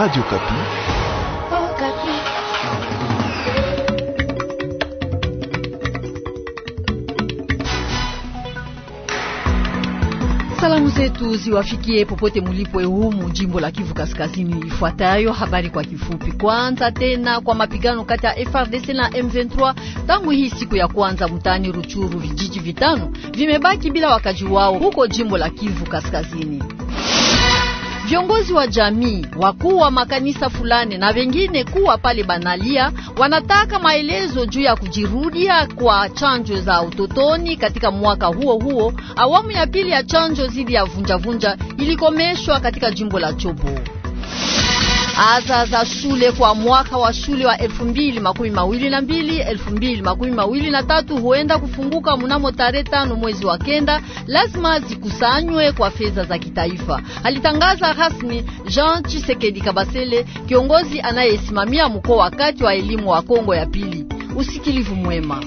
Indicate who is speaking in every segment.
Speaker 1: Radio Kapi. Oh, Kapi.
Speaker 2: Salamu zetu ziwafikie popote mulipo humu jimbo la Kivu Kaskazini. Ifuatayo habari kwa kifupi. Kwanza tena kwa mapigano kati ya FRDC na M23 tangu hii siku ya kwanza mtaani Ruchuru, vijiji vitano vimebaki bila wakaji wao huko jimbo la Kivu Kaskazini. Viongozi wa jamii, wakuu wa makanisa fulani na wengine kuwa pale Banalia wanataka maelezo juu ya kujirudia kwa chanjo za utotoni katika mwaka huo huo. Awamu ya pili ya chanjo dhidi ya vunjavunja ilikomeshwa katika jimbo la Chopo. Ada za shule kwa mwaka wa shule wa 2022 2023 huenda kufunguka mnamo tarehe tano mwezi wa kenda, lazima zikusanywe kwa fedha za kitaifa, alitangaza rasmi Jean Tshisekedi Kabasele, kiongozi anayesimamia mkoa wakati wa elimu wa Kongo ya pili. Usikilivu mwema.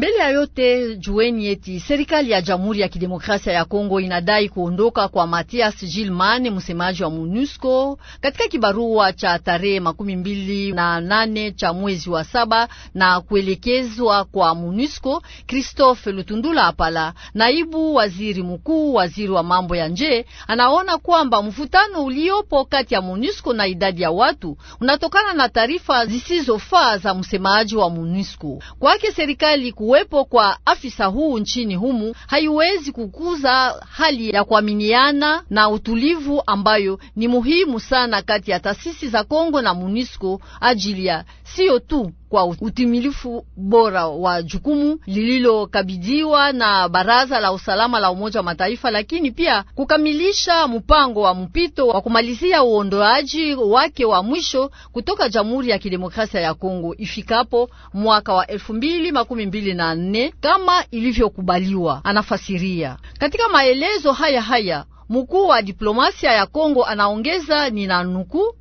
Speaker 2: Mbele ya yote jueni eti serikali ya Jamhuri ya Kidemokrasia ya Kongo inadai kuondoka kwa Matias Gilman, msemaji wa MONUSCO katika kibarua cha tarehe makumi mbili na nane cha mwezi wa saba na kuelekezwa kwa MONUSCO Christophe Lutundula Apala, naibu waziri mkuu, waziri wa mambo ya nje, anaona kwamba mvutano uliopo kati ya MONUSCO na idadi ya watu unatokana na taarifa zisizofaa za msemaji wa MONUSCO. Kwake serikali kuwepo kwa afisa huu nchini humu haiwezi kukuza hali ya kuaminiana na utulivu ambayo ni muhimu sana kati ya taasisi za Kongo na MONUSCO ajili ya sio tu kwa utimilifu bora wa jukumu lililokabidhiwa na Baraza la Usalama la Umoja wa Mataifa, lakini pia kukamilisha mpango wa mpito wa kumalizia uondoaji wake wa mwisho kutoka Jamhuri ya Kidemokrasia ya Kongo ifikapo mwaka wa nne kama ilivyokubaliwa, anafasiria katika maelezo haya haya. Mkuu wa diplomasia ya Kongo anaongeza, ni nukuu,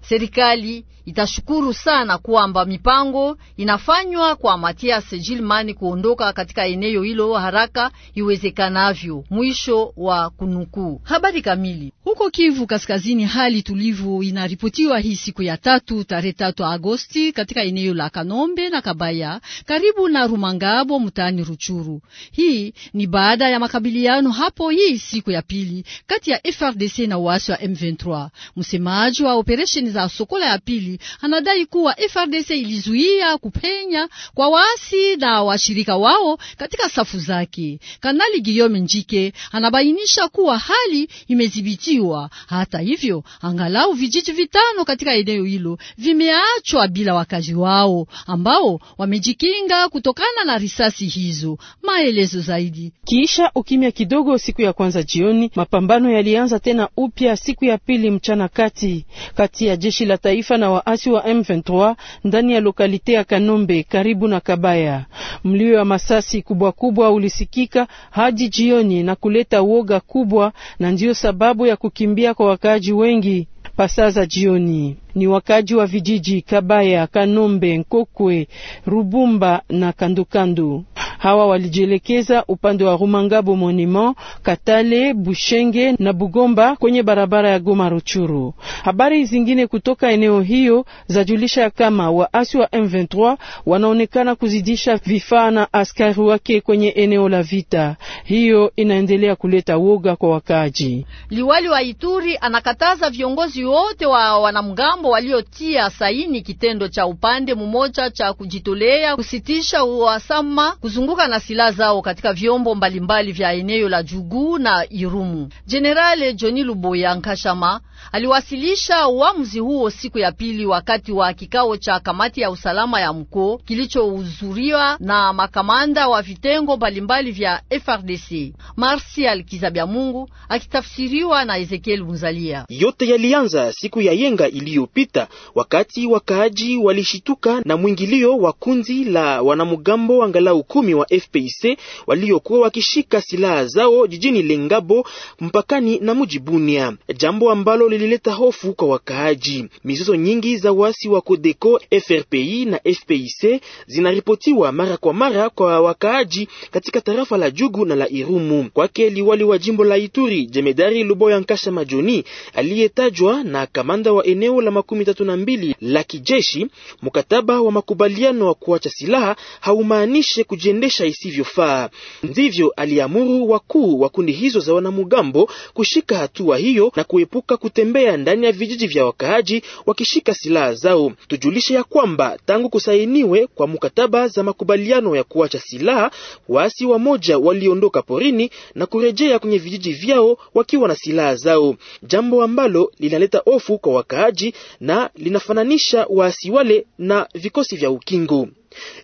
Speaker 2: serikali itashukuru sana kwamba mipango inafanywa kwa Matias Gilman kuondoka katika eneo hilo haraka iwezekanavyo. Mwisho wa kunukuu. Habari kamili. Huko Kivu Kaskazini, hali tulivu inaripotiwa hii siku ya tatu tarehe tatu Agosti katika eneo la Kanombe na Kabaya karibu na Rumangabo mtaani Ruchuru. Hii ni baada ya makabiliano hapo hii siku ya pili kati ya FRDC na waasi wa M23. Msemaji wa operesheni za Sokola ya pili anadai kuwa FRDC ilizuia kupenya kwa waasi na washirika wao katika safu zake. Kanali Guillaume Njike anabainisha kuwa hali imedhibitiwa. Hata hivyo, angalau vijiji vitano katika eneo hilo vimeachwa bila wakazi wao ambao wamejikinga kutokana na risasi hizo. Maelezo zaidi.
Speaker 3: Kisha ukimya kidogo siku ya kwanza jioni, mapambano yalianza tena upya siku ya pili mchana kati kati ya jeshi la taifa na wa waasi wa M23 ndani ya lokalite ya Kanombe karibu na Kabaya. Mlio wa masasi kubwa kubwa ulisikika hadi jioni na kuleta woga kubwa, na ndiyo sababu ya kukimbia kwa wakaaji wengi pasaa za jioni ni wakaji wa vijiji Kabaya, Kanombe, Nkokwe, Rubumba na kandukandu Hawa walijielekeza upande wa Rumangabo Monument, Katale, Bushenge na Bugomba kwenye barabara ya Goma Ruchuru. Habari zingine kutoka eneo hiyo zajulisha kama waasi wa M23 wanaonekana kuzidisha vifaa na askari wake kwenye eneo la vita. Hiyo inaendelea kuleta woga kwa wakaji.
Speaker 2: Liwali wa Ituri anakataza viongozi wote wa wanamgambo wanamgambo waliotia saini kitendo cha upande mmoja cha kujitolea kusitisha uhasama kuzunguka na silaha zao katika vyombo mbalimbali vya eneo la Jugu na Irumu. Jenerali Johnny Luboya Nkashama aliwasilisha uamuzi huo siku ya pili wakati wa kikao cha kamati ya usalama ya mkoo kilichohudhuriwa na makamanda wa vitengo mbalimbali vya FRDC. Martial Kizabya Mungu akitafsiriwa na Ezekiel muzalia
Speaker 3: Yote yalianza siku ya yenga iliyo iliyopita, wakati wakaaji walishituka na mwingilio wa kundi la wanamgambo angalau kumi wa FPIC waliokuwa wakishika silaha zao jijini Lengabo mpakani na mji Bunia, jambo ambalo lilileta hofu kwa wakaaji. Mizozo nyingi za wasi wa Kodeko, FRPI na FPC zinaripotiwa mara kwa mara kwa wakaaji katika tarafa la Jugu na la Irumu. Kwake liwali wa jimbo la Ituri, jemedari Luboya Nkasha Majoni aliyetajwa na kamanda wa eneo la makumi tatu na mbili la kijeshi. Mkataba wa makubaliano wa kuacha silaha haumaanishe kujiendesha isivyofaa, ndivyo aliamuru wakuu wa kundi hizo za wanamugambo kushika hatua hiyo na kuepuka kutembea ndani ya vijiji vya wakaaji wakishika silaha zao. Tujulishe ya kwamba tangu kusainiwe kwa mkataba za makubaliano ya kuacha silaha, waasi wamoja waliondoka porini na kurejea kwenye vijiji vyao wakiwa na silaha zao, jambo ambalo linaleta hofu kwa wakaaji na linafananisha waasi wale na vikosi vya ukingo.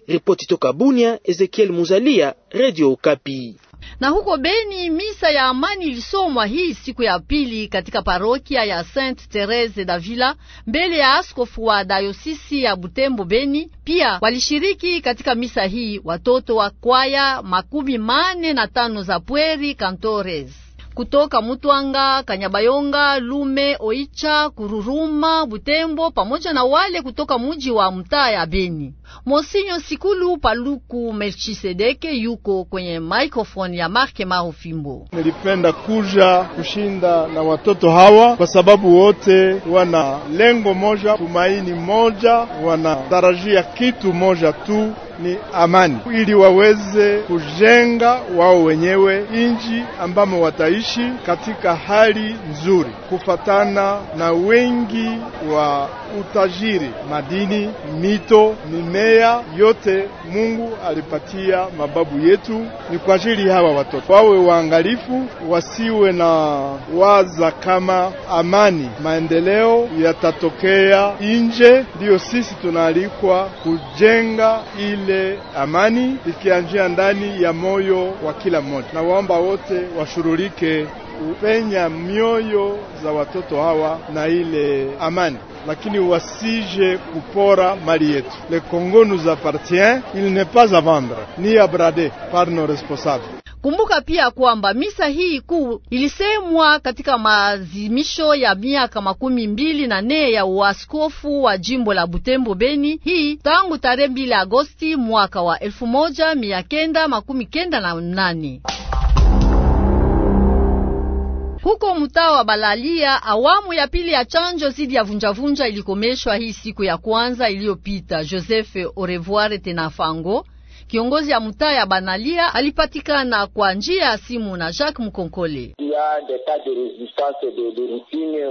Speaker 3: Ripoti toka Bunia, Ezekiel Muzalia, Radio Okapi.
Speaker 2: Na huko Beni misa ya amani ilisomwa hii siku ya pili katika parokia ya Sainte Therese Davila mbele ya askofu wa dayosisi ya Butembo Beni. Pia walishiriki katika misa hii watoto wa kwaya makumi mane na tano za Pweri Cantores kutoka Mutwanga, Kanyabayonga, Lume, Oicha, Kururuma, Butembo pamoja na wale kutoka muji wa mtaa ya Beni. Mosinyo Sikulu Paluku Melchisedeke yuko kwenye microphone ya Marke Marofimbo.
Speaker 1: Nilipenda kuja kushinda na watoto hawa kwa sababu wote wana lengo moja, tumaini moja, wanatarajia kitu moja tu ni amani, ili waweze kujenga wao wenyewe inji ambamo wataishi katika hali nzuri, kufatana na wengi wa utajiri, madini, mito, mimea yote Mungu alipatia mababu yetu. Ni kwa ajili hawa watoto wawe waangalifu, wasiwe na waza kama amani maendeleo yatatokea nje. Ndiyo sisi tunaalikwa kujenga ile ile amani ikianjia ndani ya moyo wa kila mmoja, na waomba wote washurulike upenya mioyo za watoto hawa na ile amani, lakini wasije kupora mali yetu. Le Congo nous appartient, il n'est pas à vendre ni à brader par nos responsables.
Speaker 2: Kumbuka pia kwamba misa hii kuu ilisemwa katika maazimisho ya miaka makumi mbili na nne ya uaskofu wa jimbo la Butembo Beni, hii tangu tarehe mbili Agosti mwaka wa elfu moja mia kenda makumi kenda na nane huko mtaa wa Balalia, awamu ya pili ya chanjo zidi ya vunjavunja ilikomeshwa hii siku ya kwanza iliyopita. Joseph Orevoire Tenafango Kiongozi ya mtaa ya Banalia alipatikana kwa njia ya simu na Jacques Mkonkole.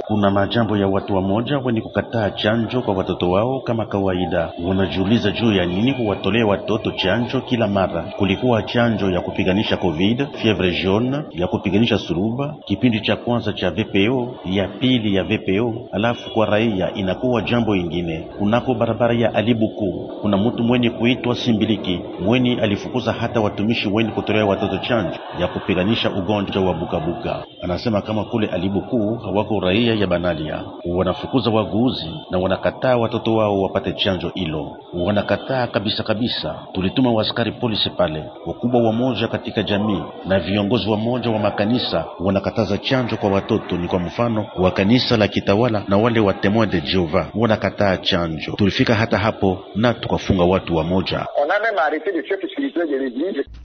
Speaker 4: Kuna majambo ya watu wamoja wenye kukataa chanjo kwa watoto wao kama kawaida. Wanajiuliza juu ya nini kuwatolea watoto chanjo kila mara. Kulikuwa chanjo ya kupiganisha covid, fievre jaune, ya kupiganisha suruba, kipindi cha kwanza cha VPO, ya pili ya VPO, alafu kwa raia inakuwa jambo ingine. Kunako barabara ya Alibuku kuna mtu mwenye kuitwa Simbiliki mwenye Mweni alifukuza hata watumishi wengi kutolea watoto chanjo ya kupiganisha ugonjwa wa bukabuka. Anasema kama kule alibukuu hawako raia ya Banalia, wanafukuza waguzi na wanakataa watoto wao wapate chanjo hilo, wanakataa kabisa kabisa. Tulituma waskari polisi pale, wakubwa wa moja katika jamii na viongozi wa moja wa makanisa wanakataza chanjo kwa watoto. Ni kwa mfano wa kanisa la kitawala na wale wa Temoin de Jehova wanakataa chanjo. Tulifika hata hapo na tukafunga watu wa moja.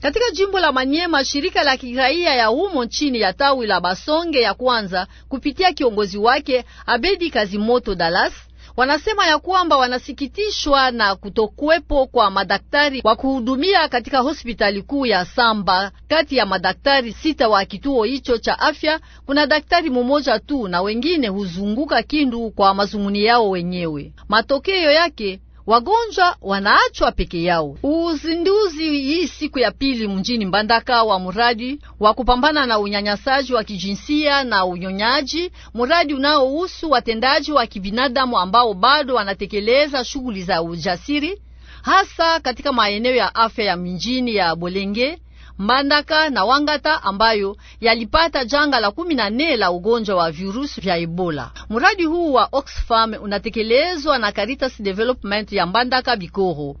Speaker 2: Katika jimbo la Manyema, shirika la kiraia ya humo nchini ya tawi la Basonge ya kwanza kupitia kiongozi wake Abedi Kazimoto Dallas wanasema ya kwamba wanasikitishwa na kutokuwepo kwa madaktari wa kuhudumia katika hospitali kuu ya Samba. Kati ya madaktari sita wa kituo hicho cha afya kuna daktari mmoja tu, na wengine huzunguka Kindu kwa mazumuni yao wenyewe. Matokeo yake wagonjwa wanaachwa peke yao. Uzinduzi hii siku ya pili mjini Mbandaka wa mradi wa kupambana na unyanyasaji wa kijinsia na unyonyaji, mradi unaohusu watendaji wa kibinadamu ambao bado wanatekeleza shughuli za ujasiri hasa katika maeneo ya afya ya mijini ya Bolenge Mbandaka na Wangata ambayo yalipata janga la 14 la ugonjwa wa virusi vya Ebola. Mradi huu wa Oxfam unatekelezwa na Caritas Development ya Mbandaka Bikoro.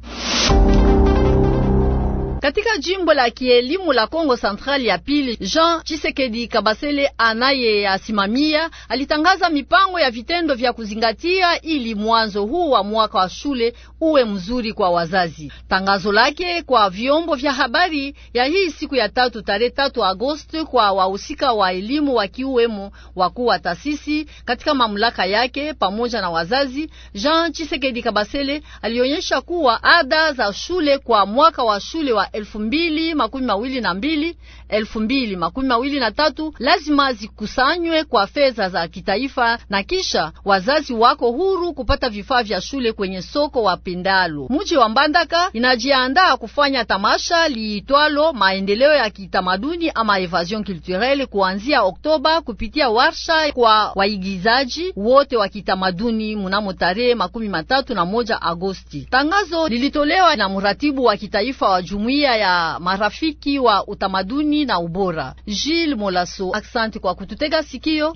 Speaker 2: Katika jimbo la kielimu la Kongo Central ya pili, Jean Chisekedi Kabasele anaye asimamia alitangaza mipango ya vitendo vya kuzingatia ili mwanzo huu wa mwaka wa shule uwe mzuri kwa wazazi. Tangazo lake kwa vyombo vya habari ya hii siku ya tatu tarehe tatu Agosti kwa wahusika wa elimu wakiwemo wakuu wa taasisi katika mamlaka yake pamoja na wazazi, Jean Chisekedi Kabasele alionyesha kuwa ada za shule kwa mwaka wa shule wa elfu mbili makumi mawili na mbili elfu mbili makumi mawili na tatu lazima zikusanywe kwa fedha za kitaifa, na kisha wazazi wako huru kupata vifaa vya shule kwenye soko wa Pindalo. Mji wa Mbandaka inajiandaa kufanya tamasha liitwalo maendeleo ya kitamaduni ama evasion culturelle kuanzia Oktoba kupitia warsha kwa waigizaji wote wa kitamaduni mnamo tarehe makumi matatu na moja Agosti. Tangazo lilitolewa na mratibu wa kitaifa wa jumuiya njia ya marafiki wa utamaduni na ubora. Gilles Molaso, aksanti kwa kututega sikio.